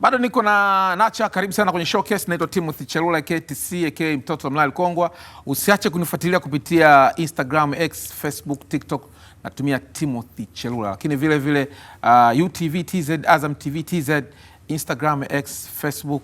Bado niko na Nacha, karibu sana kwenye showcase. Naitwa Timothy Chelula KTC aka mtoto wa Mlali Kongwa. Usiache kunifuatilia kupitia Instagram, X, Facebook, TikTok natumia Timothy Chelula, lakini vile vile uh, UTV TZ, Azam TV TZ, Instagram, X, Facebook,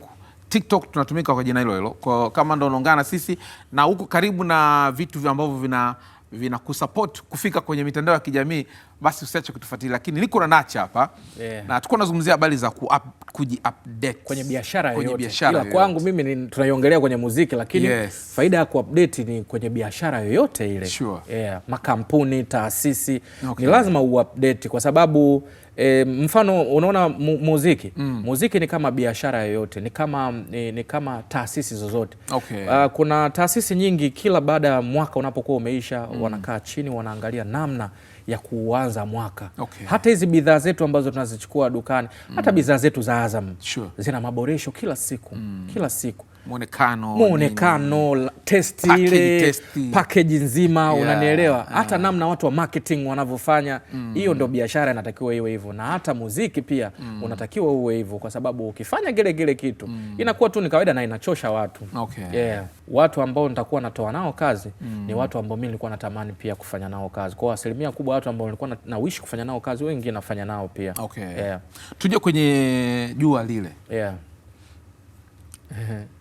TikTok tunatumika kwa jina hilo hilo, kama ndo unaungana sisi na huko, karibu na vitu ambavyo vina vinakusupport kufika kwenye mitandao ya kijamii basi usiache kutufuatilia, lakini niko na Nacha hapa yeah. na tuko nazungumzia habari za ku kujiupdate kwenye biashara yoyote, ila kwangu mimi tunaiongelea kwenye muziki, lakini yes. faida ya kuupdate ni kwenye biashara yoyote ile sure. yeah. makampuni, taasisi okay. ni lazima uupdate kwa sababu E, mfano unaona mu, muziki mm. Muziki ni kama biashara yoyote, ni kama, ni, ni kama taasisi zozote okay. Uh, kuna taasisi nyingi kila baada ya mwaka unapokuwa umeisha mm. Wanakaa chini wanaangalia namna ya kuanza mwaka okay. Hata hizi bidhaa zetu ambazo tunazichukua dukani mm. hata bidhaa zetu za Azam sure. zina maboresho kila siku mm. kila siku mwonekano mwonekano, testi ile pakeji nzima yeah, unanielewa yeah. Mm. Hata namna watu wa marketing wanavyofanya mm. hiyo mm. Ndo biashara inatakiwa iwe hivyo, na hata muziki pia mm. unatakiwa uwe hivyo, kwa sababu ukifanya gile gile kitu mm. inakuwa tu ni kawaida na inachosha watu okay. yeah. Watu ambao nitakuwa natoa nao kazi mm. ni watu ambao mi nilikuwa natamani pia kufanya nao kazi kwao, asilimia kubwa watu ambao nilikuwa nawishi kufanya nao kazi wengi nafanya nao pia okay. yeah. Tuje kwenye jua lile yeah.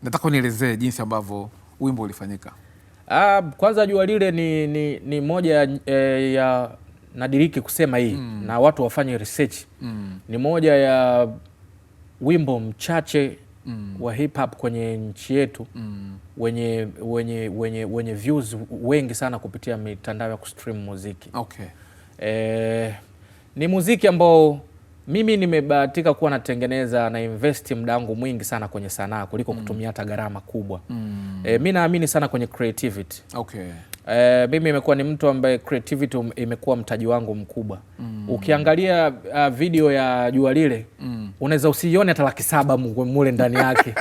Nataka unielezee jinsi ambavyo wimbo ulifanyika. Ah, kwanza jua lile ni, ni, ni moja eh, ya nadiriki kusema hii mm. na watu wafanye research mm. ni moja ya wimbo mchache mm. wa hip hop kwenye nchi yetu mm. wenye, wenye, wenye, wenye views wengi sana kupitia mitandao ya kustream muziki okay. Eh, ni muziki ambao mimi nimebahatika kuwa natengeneza na investi muda wangu mwingi sana kwenye sanaa kuliko mm. kutumia hata gharama kubwa mm. E, mi naamini sana kwenye creativity okay. E, mimi imekuwa ni mtu ambaye creativity um, imekuwa mtaji wangu mkubwa mm. Ukiangalia uh, video ya jua lile mm. unaweza usiione hata laki saba mule ndani yake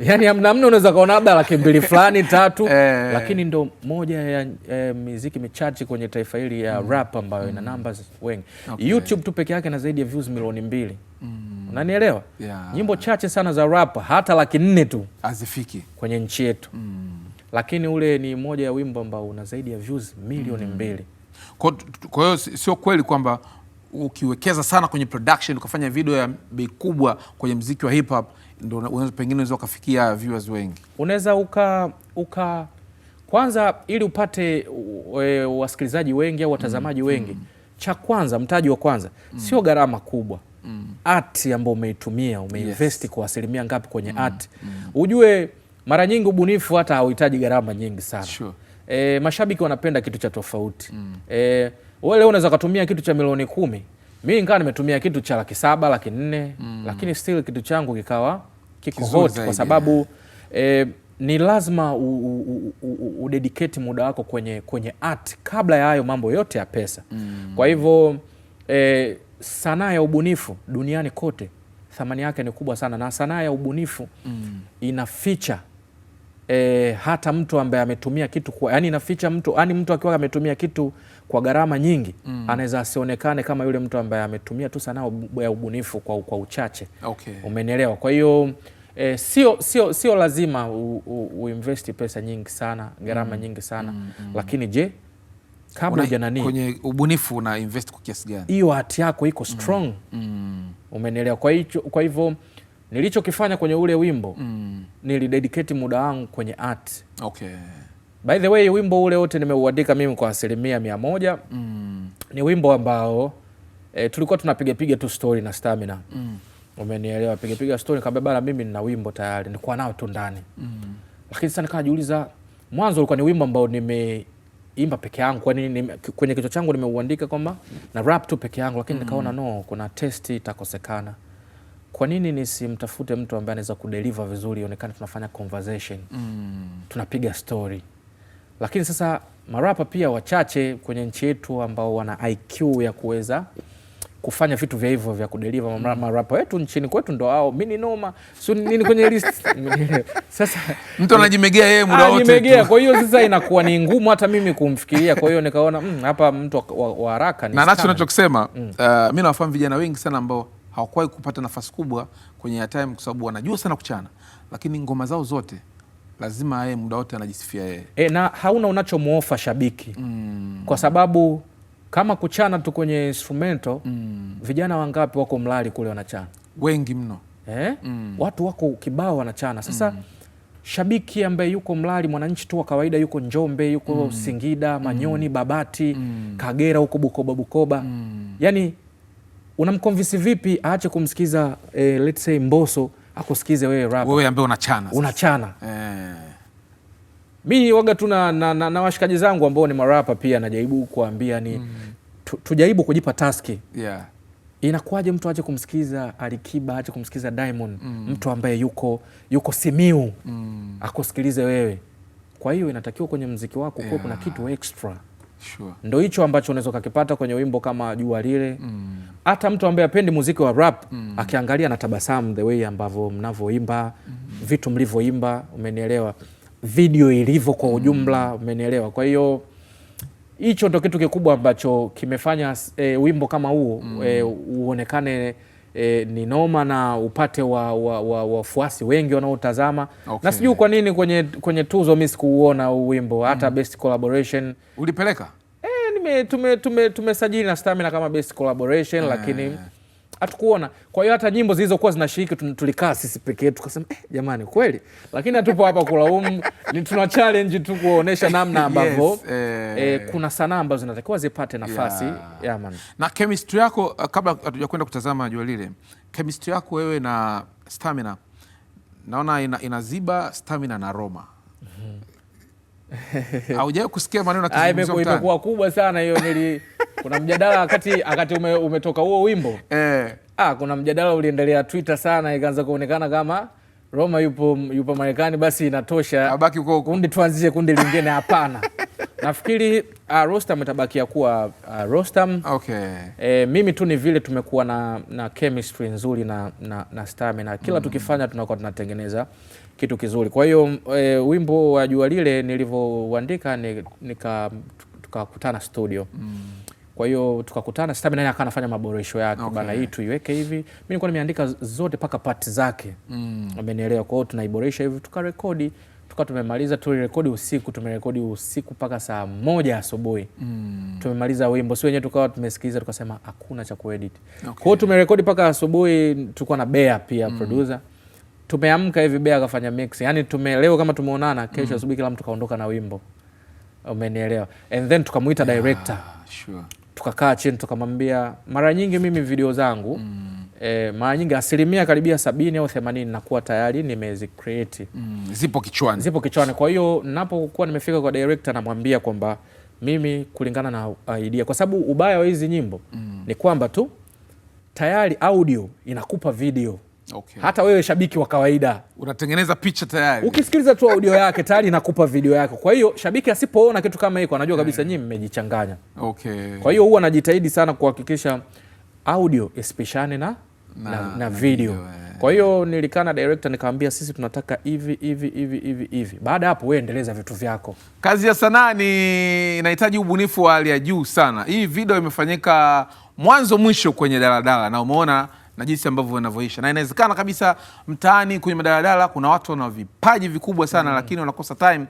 yani amnamna unaweza kaona labda laki mbili fulani tatu eh, lakini ndo moja ya eh, miziki michache kwenye taifa hili ya mm, rap ambayo mm, ina numbers wengi okay. YouTube tu peke yake na zaidi ya views milioni mbili mm, unanielewa yeah. Nyimbo chache sana za rap hata laki nne tu hazifiki kwenye nchi yetu mm, lakini ule ni moja ya wimbo ambao una zaidi ya views milioni mm, mbili. Kwa hiyo sio kweli kwamba ukiwekeza sana kwenye production ukafanya video ya bei kubwa kwenye mziki wa hip hop ndo pengine unaweza ukafikia viewers wengi, unaweza uka, uka kwanza ili upate e, wasikilizaji wengi au watazamaji mm, mm. wengi mm. Cha kwanza mtaji wa kwanza mm. sio gharama kubwa mm. Ati ambayo umeitumia umeinvesti yes. Kwa asilimia ngapi kwenye mm. ati mm. Ujue mara nyingi ubunifu hata hauhitaji gharama nyingi sana sure. E, mashabiki wanapenda kitu cha tofauti mm. E, wewe leo unaweza ukatumia kitu cha milioni kumi mi nkawa nimetumia kitu cha laki saba laki nne mm. lakini still kitu changu kikawa kiko hot kwa sababu eh, ni lazima udediketi muda wako kwenye, kwenye art kabla ya hayo mambo yote ya pesa mm. kwa hivyo eh, sanaa ya ubunifu duniani kote thamani yake ni kubwa sana na sanaa ya ubunifu mm. ina ficha eh, hata mtu ambaye ametumia kitu kwa, yani inaficha mtu, yani mtu akiwa ametumia kitu kwa gharama nyingi mm. anaweza asionekane kama yule mtu ambaye ametumia tu sanaa ya ubunifu kwa, kwa uchache okay. Umenielewa? Kwa hiyo eh, sio, sio, sio lazima u, uinvesti pesa nyingi sana gharama mm. nyingi sana mm, mm. Lakini je kabla ya nani kwenye ubunifu una invest kwa kiasi gani? Hiyo hati yako iko strong mm. mm. Umenielewa? Kwa hivyo nilichokifanya kwenye ule wimbo mm. nilidediketi muda wangu kwenye art. Okay. By the way, wimbo ule wote nimeuandika mimi kwa asilimia mia moja mm. ni wimbo ambao e, tulikuwa tunapigapiga tu story na stamina mm. umenielewa, pigapiga story, kaambia bana, mimi nina wimbo tayari, nikuwa nao tu ndani mm. lakini sasa nikaajiuliza mwanzo ulikuwa ni wimbo ambao nime imba peke yangu kwani kwenye kichwa changu nimeuandika kwamba na rap tu peke yangu, lakini mm. nikaona no, kuna testi itakosekana kwa nini nisimtafute mtu ambaye anaweza kudeliver vizuri, ionekane tunafanya conversation mm. tunapiga story. Lakini sasa marapa pia wachache kwenye nchi yetu ambao wana IQ ya kuweza kufanya vitu vya hivyo vya kudeliver mm. marapa wetu nchini kwetu ndo hao mini noma sio nini kwenye list sasa mtu anajimegea yeye muda ah, wote anajimegea. Kwa hiyo sasa inakuwa ni ngumu hata mimi kumfikiria, kwa hiyo nikaona mm, hapa mtu wa haraka. Na nacho mm. Uh, mimi nawafahamu vijana wengi sana ambao hawakuwahi kupata nafasi kubwa kwenye airtime kwa sababu wanajua sana kuchana, lakini ngoma zao zote lazima yeye muda wote anajisifia yeye e, na hauna unachomwofa shabiki mm. kwa sababu kama kuchana tu kwenye instrumento mm. vijana wangapi wako mlali kule wanachana wengi mno eh? mm. watu wako kibao wanachana sasa mm. shabiki ambaye yuko mlali, mwananchi tu wa kawaida, yuko Njombe, yuko mm. Singida, Manyoni, mm. Babati mm. Kagera, huko Bukoba Bukoba mm. yani unamconvince vipi aache kumsikiza eh, let's say Mbosso akusikize wewe rap, wewe ambaye unachana unachana eh. Mi waga tu na, na, na, na washikaji zangu ambao ni marapa pia najaribu kuambia ni mm. tu, tujaribu kujipa taski yeah. Inakuwaje mtu aache kumsikiza Alikiba aache kumsikiza Diamond mm. mtu ambaye yuko yuko Simiu mm. akusikilize wewe. Kwa hiyo inatakiwa kwenye mziki wako yeah. kuwa kuna kitu extra sure. Ndo hicho ambacho unaweza ukakipata kwenye wimbo kama jua lile. Mm. Hata mm. mtu ambaye apendi muziki wa rap mm. akiangalia na tabasamu the way ambavyo mnavyoimba mm. vitu mlivyoimba, umenielewa, video ilivyo kwa ujumla mm. umenielewa. Kwa hiyo hicho ndo kitu kikubwa ambacho kimefanya e, wimbo kama huo mm. e, uonekane E, ni noma na upate wafuasi wa, wa, wa wengi wanaotazama okay. Na sijui kwa nini kwenye, kwenye tuzo mi sikuuona wimbo hata mm. Best collaboration ulipeleka e, nime, tume, tume, tumesajili na Stamina kama best collaboration, eh. lakini hatukuona. Kwa hiyo hata nyimbo zilizokuwa zinashiriki tulikaa sisi peke yetu tukasema, eh, jamani kweli, lakini hatupo hapa kulaumu, ni tuna challenge tu kuonesha namna ambavyo yes, eh, eh, kuna sanaa ambazo zinatakiwa zipate nafasi yeah. Yeah, man. Na chemistry yako eh, kabla hatuja kutazama jua lile, chemistry yako wewe na Stamina naona ina, inaziba Stamina na Roma mm -hmm. Haujawahi kusikia maneno ah, imekuwa kubwa sana hiyo nili kuna mjadala wakati wakati ume, umetoka huo wimbo eh. Ah, kuna mjadala uliendelea Twitter sana, ikaanza kuonekana kama Roma yupo yupo Marekani, basi inatosha, abaki huko kundi, tuanzishe kundi lingine. Hapana. Nafikiri uh, Rostam itabakia kuwa uh, Rostam. Okay. E, mimi tu ni vile tumekuwa na, na chemistry nzuri na, na, na stamina kila mm. tukifanya tunakuwa tunatengeneza kitu kizuri. Kwa hiyo e, wimbo wa jua lile nilivyouandika ni, nika tukakutana studio mm. Kwa hiyo tukakutana Sitabi naye akawa anafanya maboresho yake okay. Bana, hii tuiweke hivi, mimi nilikuwa nimeandika zote mpaka part zake mm. Amenielewa, kwa hiyo tunaiboresha hivi, tukarekodi tukawa tumemaliza, tulirekodi usiku, tumerekodi usiku mpaka saa moja asubuhi mm. Tumemaliza wimbo, si wenyewe tukawa tumesikiliza, tukasema hakuna cha kuedit okay. Kwa hiyo tumerekodi mpaka asubuhi, tulikuwa na Bea pia mm. producer tumeamka hivi, Bea akafanya mix, yani tumeleo kama tumeonana kesho mm. asubuhi, kila mtu kaondoka na wimbo, umenielewa? And then tukamwita yeah, sure tukakaa chini tukamwambia, mara nyingi mimi video zangu mm. E, mara nyingi asilimia karibia sabini au themanini nakuwa tayari nimezicreate mm. zipo kichwani, zipo kichwani. Kwa hiyo napokuwa nimefika kwa director, namwambia kwamba mimi kulingana na idea, kwa sababu ubaya wa hizi nyimbo mm. ni kwamba tu tayari audio inakupa video okay. Hata wewe shabiki wa kawaida unatengeneza picha tayari, ukisikiliza tu audio yake tayari inakupa video yako. Kwa hiyo shabiki asipoona kitu kama hiko anajua kabisa eh. nyinyi mmejichanganya. okay. Kwa hiyo huwa anajitahidi sana kuhakikisha audio espeshane na, na, na, na video, video eh. Kwa hiyo nilikaa na director nikamwambia, sisi tunataka hivi hivi hivi hivi hivi. Baada ya hapo, wewe endeleza vitu vyako. Kazi ya sanaa ni inahitaji ubunifu wa hali ya juu sana. Hii video imefanyika mwanzo mwisho kwenye daladala na umeona na jinsi ambavyo wanavyoisha, na inawezekana kabisa mtaani kwenye madaladala kuna watu wana vipaji vikubwa sana mm, lakini wanakosa time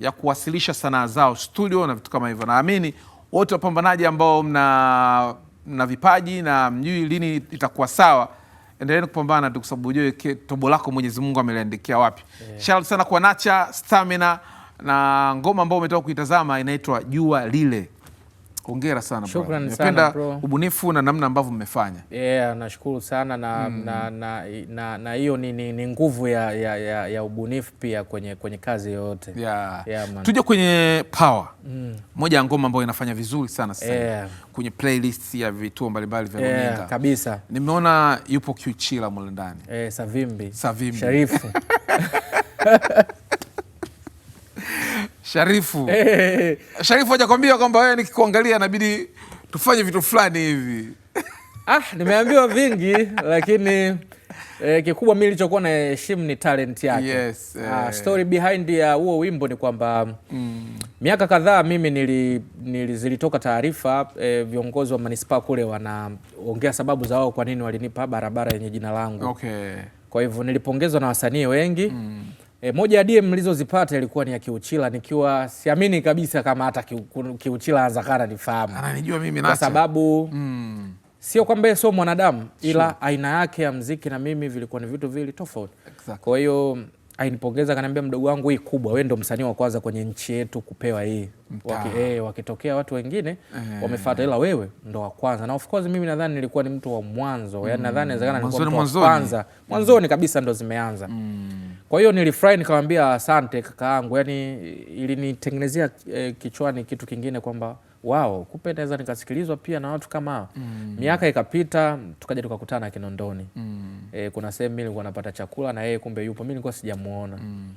ya kuwasilisha sanaa zao studio na vitu kama hivyo. Naamini wote wapambanaji ambao mna, mna vipaji na mjui lini itakuwa sawa, endeleni kupambana tu, kwa sababu ujue tobo lako Mwenyezi Mungu ameliandikia wapi. Yeah. Eh. Shout sana kwa Nacha Stamina na ngoma ambayo umetoka kuitazama inaitwa Jua Lile. Hongera sana bro. Nimependa ubunifu na namna ambavyo mmefanya. Yeah, nashukuru sana na mm. na na, na, na, na ni, ni, ni nguvu ya, ya, ya, ya ubunifu pia kwenye, kwenye kazi yoyote yeah. yeah, tuje kwenye Power mm. moja ya ngoma ambayo inafanya vizuri sana sasa yeah. kwenye playlist ya vituo mbalimbali vya runinga yeah, kabisa. Nimeona yupo Kiuchila Chila mule ndani eh, Savimbi Savimbi Sharifu Sharifu, hey. Eh, eh, eh. Sharifu hajakwambia kwamba wewe nikikuangalia nabidi tufanye vitu fulani hivi? Ah, nimeambiwa vingi lakini eh, kikubwa mi nilichokuwa na heshimu ni talent yake. Yes, ah, eh. Ah, story behind ya huo wimbo ni kwamba mm. miaka kadhaa mimi nili, nili zilitoka taarifa eh, viongozi wa manispaa kule wanaongea sababu za wao kwa nini walinipa barabara yenye jina langu. Okay. Kwa hivyo nilipongezwa na wasanii wengi mm. E, moja ya DM nilizozipata ilikuwa ni ya Kiuchila nikiwa siamini kabisa kama hata Kiuchila anzakara nifahamu. Ananijua mimi nacho. Kwa sababu mm. Sio kwamba yeye sio mwanadamu ila sure. Aina yake ya mziki na mimi vilikuwa ni vitu vili tofauti. Exactly. Kwa hiyo alinipongeza akaniambia, mdogo wangu, hii kubwa, wewe ndo msanii wa kwanza kwenye nchi yetu kupewa hii waki, hey, eh, wakitokea watu wengine e, wamefuata, ila wewe ndo wa kwanza. Na of course mimi nadhani nilikuwa ni mtu wa mwanzo, yaani mm, yani nadhani inawezekana nilikuwa mtu wa kwanza mwanzoni kabisa, ndo zimeanza mm. Kwa hiyo nilifurahi, nikamwambia asante kaka yangu, yani ilinitengenezea eh, kichwani kitu kingine kwamba wao kumbe naweza nikasikilizwa pia na watu kama mm. Miaka ikapita tukaja tukakutana Kinondoni mm e, kuna sehemu mimi nilikuwa napata chakula na yeye kumbe yupo, mimi nilikuwa sijamuona mm.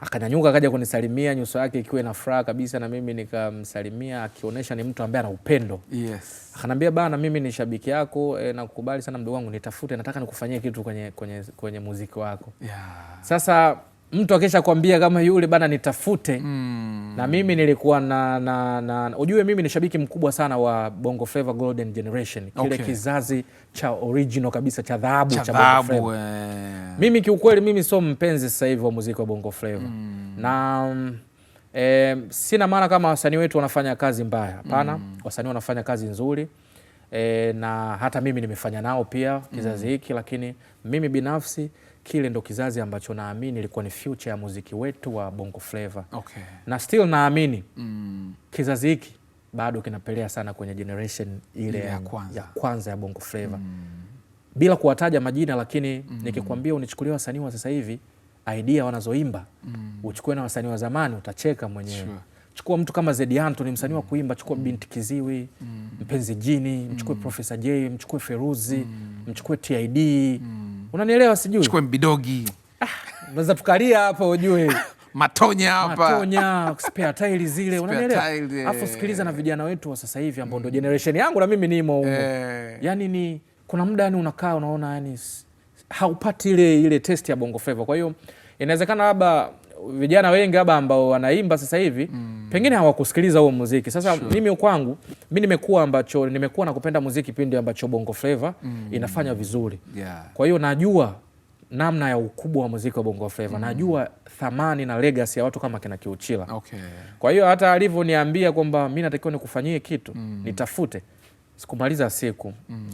Akanyanyuka akaja kunisalimia, nyuso yake ikiwa na furaha kabisa, na mimi nikamsalimia, akionyesha ni mtu ambaye ana upendo yes. Akanambia bana, mimi ni shabiki yako e, nakukubali sana mdogo wangu, nitafute, nataka nikufanyie kitu kwenye, kwenye, kwenye muziki wako yeah. Sasa mtu akisha kwambia kama yule bana nitafute, mm. na mimi nilikuwa na, na, na ujue mimi ni shabiki mkubwa sana wa Bongo Flava Golden Generation kile okay. kizazi cha original kabisa cha dhahabu cha cha Bongo Flava. Eh. Mimi kiukweli mimi sio mpenzi sasa hivi wa muziki wa Bongo Flava mm. na e, sina maana kama wasanii wetu wanafanya kazi mbaya, hapana mm. wasanii wanafanya kazi nzuri e, na hata mimi nimefanya nao pia kizazi hmm. hiki mm. lakini mimi binafsi kile ndo kizazi ambacho naamini ilikuwa ni future ya muziki wetu wa Bongo Flava. Okay. Na still naamini mm. kizazi hiki bado kinapelea sana kwenye generation ile ya kwanza ya, kwanza ya Bongo Flava mm. bila kuwataja majina lakini mm. nikikwambia unichukulia wasanii wa sasa hivi idea wanazoimba mm. uchukue na wasanii wa zamani utacheka mwenyewe sure. Chukua mtu kama Zedi Anthony msanii wa mm. kuimba, chukua mm. Binti Kiziwi mm. Mpenzi Jini, mchukue mm. Profesa J, mchukue Feruzi mm. mchukue TID mm. Unanielewa? Sijui chukue mbidogi, ah, unaweza tukalia hapo ujue matonya hapa matonya, spare zile, unanielewa? Afu sikiliza na vijana wetu wa sasa hivi ambao ndo mm. generation yangu na mimi nimo huko eh. Yani ni kuna muda yani unakaa unaona yani haupati ile ile test ya Bongo Flava, kwa hiyo inawezekana labda vijana wengi labda ambao wanaimba sasa hivi mm. pengine hawakusikiliza huo muziki sasa sure. Mimi kwangu mi nimekuwa ambacho nimekuwa na kupenda muziki pindi ambacho Bongo Flava mm. inafanya vizuri yeah. Kwa hiyo najua namna ya ukubwa wa muziki wa Bongo Flava mm. najua thamani na legacy ya watu kama kina Kiuchila okay. Kwa hiyo hata alivyoniambia kwamba mi natakiwa nikufanyie kitu mm. nitafute, sikumaliza siku mm.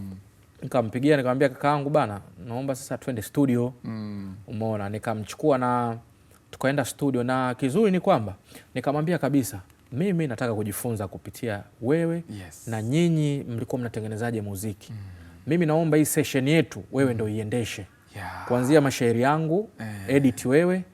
Nikampigia nikamwambia kakaangu, bana, naomba sasa twende studio mm. Umeona, nikamchukua na tukaenda studio, na kizuri ni kwamba nikamwambia kabisa mimi nataka kujifunza kupitia wewe yes. na nyinyi mlikuwa mnatengenezaje muziki mm. mimi naomba hii session yetu wewe mm. ndo iendeshe yeah. kuanzia mashairi yangu eh. edit wewe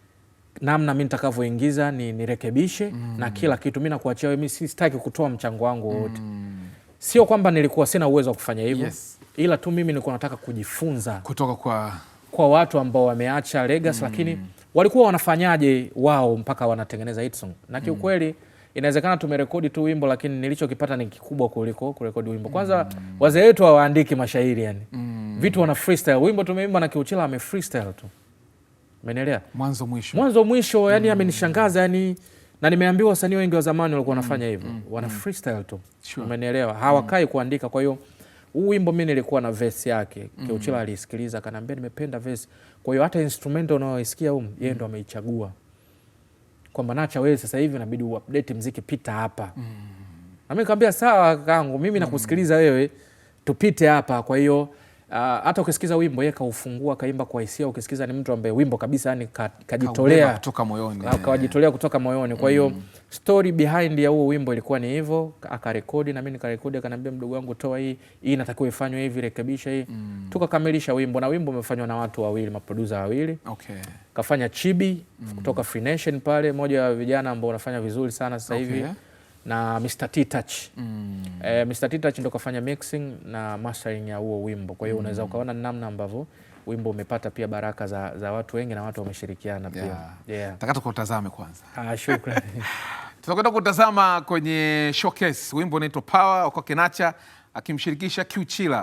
namna mi nitakavyoingiza ni nirekebishe mm. na kila kitu mi nakuachia wewe, mi sitaki kutoa mchango wangu mm. wowote mm. sio kwamba nilikuwa sina uwezo wa kufanya hivyo yes. ila tu mimi nilikuwa nataka kujifunza kutoka kwa, kwa watu ambao wameacha legacy mm. lakini walikuwa wanafanyaje wao mpaka wanatengeneza hit song? Na hmm. kiukweli mm. inawezekana tumerekodi tu wimbo lakini nilichokipata ni kikubwa kuliko kurekodi wimbo. Kwanza mm. wazee wetu hawaandiki mashairi yani. Mm. Vitu wana freestyle. Wimbo tumeimba na Kiuchila ame freestyle tu. Umeelewa? Mwanzo mwisho. Mwanzo mwisho yani mm. amenishangaza yani na nimeambiwa wasanii wengi wa zamani walikuwa wanafanya hmm. hivyo. Mm. Wana hmm. freestyle tu. Sure. Umeelewa? Hawakai mm. kuandika kwa hiyo huu wimbo mi nilikuwa na vesi yake mm. Kiuchila alisikiliza akaniambia, nimependa vesi Kwa hiyo hata instrumental unaoisikia huko yeye ndo ameichagua, kwamba Nacha, wewe sasa hivi inabidi uapdeti mziki, pita hapa mm. Na nikamwambia sawa kangu, mimi mhm. nakusikiliza wewe, tupite hapa. Kwa hiyo Ah, hata uh, ukisikiza wimbo yeye kaufungua kaimba kwa hisia, ukisikiza ni mtu ambaye wimbo kabisa yani kajitolea kutoka moyoni ah, kawajitolea kutoka moyoni. Kwa hiyo mm. story behind ya huo wimbo ilikuwa ni hivyo, akarekodi na mimi nikarekodi, akaniambia mdogo wangu, toa hii hii, inatakiwa ifanywe hivi, rekebisha hii mm. tukakamilisha wimbo, na wimbo umefanywa na watu wawili, maproduza wawili okay. kafanya Chibi mm. kutoka Free Nation pale, moja wa vijana ambao wanafanya vizuri sana sasa hivi okay na Mr. T Touch. Mm. Eh, Mr. T Touch ndo kafanya mixing na mastering ya huo wimbo, kwa hiyo mm. unaweza ukaona namna ambavyo wimbo umepata pia baraka za, za watu wengi na watu wameshirikiana pia yeah. Yeah. Taka tukutazame kwanza. Ah, shukrani. Tunakwenda kutazama kwenye showcase wimbo unaitwa Power wa kwake Nacha akimshirikisha Q uh,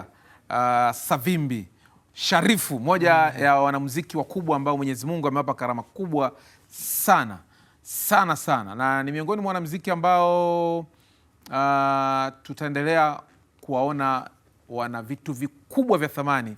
ah, Savimbi Sharifu, moja mm. ya wanamuziki wakubwa ambao Mwenyezi Mungu amewapa karama kubwa sana sana sana, na ni miongoni mwa wanamuziki ambao uh, tutaendelea kuwaona wana vitu vikubwa vya thamani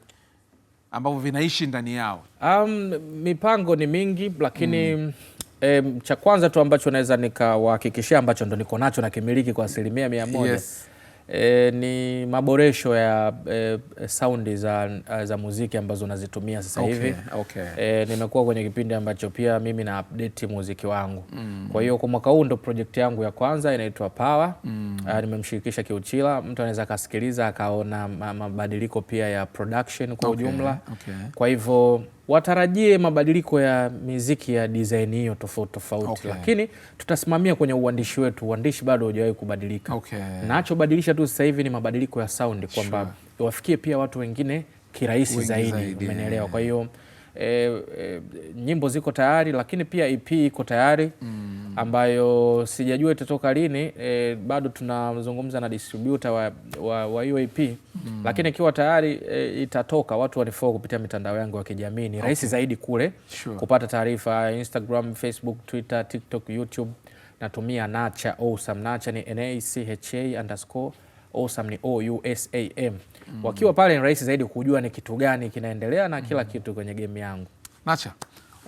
ambavyo vinaishi ndani yao. Um, mipango ni mingi lakini mm. E, cha kwanza tu ambacho naweza nikawahakikishia ambacho ndo niko nacho kimiliki kwa asilimia mia moja yes e, ni maboresho ya e, saundi za, za muziki ambazo nazitumia sasa hivi okay, okay. E, nimekuwa kwenye kipindi ambacho pia mimi na update muziki wangu mm. Kwa hiyo kwa mwaka huu ndo project yangu ya kwanza inaitwa Power mm. Nimemshirikisha Kiuchila, mtu anaweza akasikiliza akaona mabadiliko pia ya production kwa okay, ujumla okay. Kwa hivyo watarajie mabadiliko ya miziki ya design hiyo tofauti tofauti, okay. Lakini tutasimamia kwenye uandishi wetu. Uandishi bado hujawahi kubadilika, okay. Nachobadilisha tu sasa hivi ni mabadiliko ya sound, kwamba sure. wafikie pia watu wengine kirahisi zaidi, zaidi. Umenielewa? Kwa hiyo e, e, nyimbo ziko tayari, lakini pia EP iko tayari mm ambayo sijajua itatoka lini e, bado tunazungumza na distributor wa, wa, wa UAP mm. Lakini ikiwa tayari e, itatoka, watu wanifo kupitia mitandao yangu ya kijamii ni rahisi okay. zaidi kule sure. kupata taarifa Instagram, Facebook, Twitter, TikTok, YouTube natumia Nacha Osam. Nacha ni Nacha underscore Osam ni Ousam. Mm. Wakiwa pale ni rahisi zaidi kujua ni kitu gani kinaendelea na kila mm. kitu kwenye game yangu Nacha.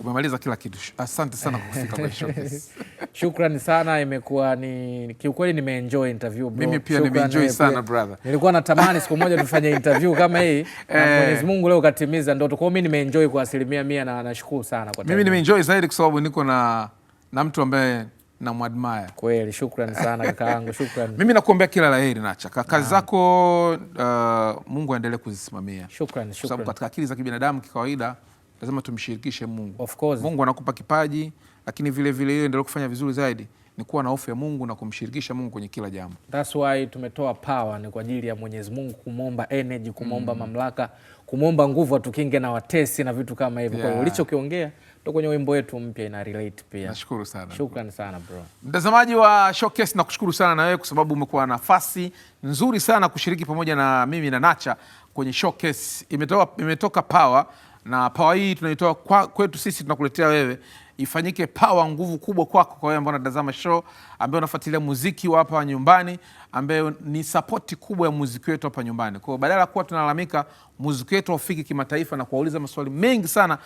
Umemaliza kila kitu, asante sana kwa kufika kwa showbiz. Shukrani sana, imekuwa ni kiukweli, nimeenjoy interview bro. Mimi pia nimeenjoy sana brother, nilikuwa natamani siku moja tufanye interview kama hii na eh. Mwenyezi Mungu leo katimiza ndoto. Kwa mimi nimeenjoy kwa asilimia mia na nashukuru sana kwa mimi nimeenjoy zaidi kwa sababu niko na na mtu ambaye namwadmire kweli. Shukrani sana kaka kakaangu, shukrani. Mimi nakuombea kila la laheri Nacha, kazi zako uh, Mungu aendelee kuzisimamia, shukrani, shukrani, kwa sababu katika akili za kibinadamu kikawaida lazima tumshirikishe Mungu. Of course. Mungu anakupa kipaji, lakini vile vile hiyo endelea kufanya vizuri zaidi ni kuwa na hofu ya Mungu na kumshirikisha Mungu kwenye kila jambo. That's why tumetoa power, ni kwa ajili ya Mwenyezi Mungu kumwomba energy, kumwomba mm. mamlaka, kumwomba nguvu atukinge na watesi na vitu kama hivyo. Yeah. Kwa hiyo ulichokiongea to kwenye wimbo wetu mpya ina relate pia. Nashukuru sana. Shukrani sana bro. Mtazamaji wa Showcase nakushukuru sana na wewe kwa sababu umekuwa nafasi nzuri sana kushiriki pamoja na mimi na Nacha kwenye Showcase. Imetoka, imetoka power na pawa hii tunaitoa kwetu sisi, tunakuletea wewe, ifanyike pawa, nguvu kubwa kwako, kwa wewe ambao unatazama show, ambaye unafuatilia muziki wa hapa nyumbani, ambaye ni sapoti kubwa ya muziki wetu hapa nyumbani. Kwa hiyo badala ya kuwa tunalalamika muziki wetu haufiki kimataifa na kuwauliza maswali mengi sana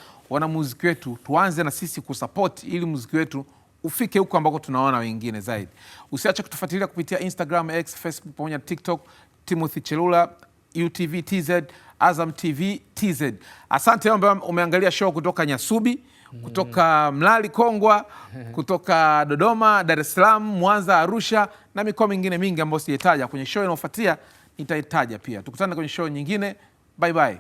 muziki wetu, tuanze na sisi kusapoti ili muziki wetu ufike huko ambako tunaona wengine zaidi. Usiache kutufuatilia kupitia Instagram, X, Facebook pamoja na TikTok, Timothy Chelula, UTV TZ Azam TV TZ. Asante ambayo umeangalia show kutoka Nyasubi, kutoka Mlali Kongwa, kutoka Dodoma, Dar es Salaam, Mwanza, Arusha na mikoa mingine mingi ambayo sijaitaja. Kwenye show inayofuatia nitaitaja pia. Tukutane kwenye show nyingine. Bye bye.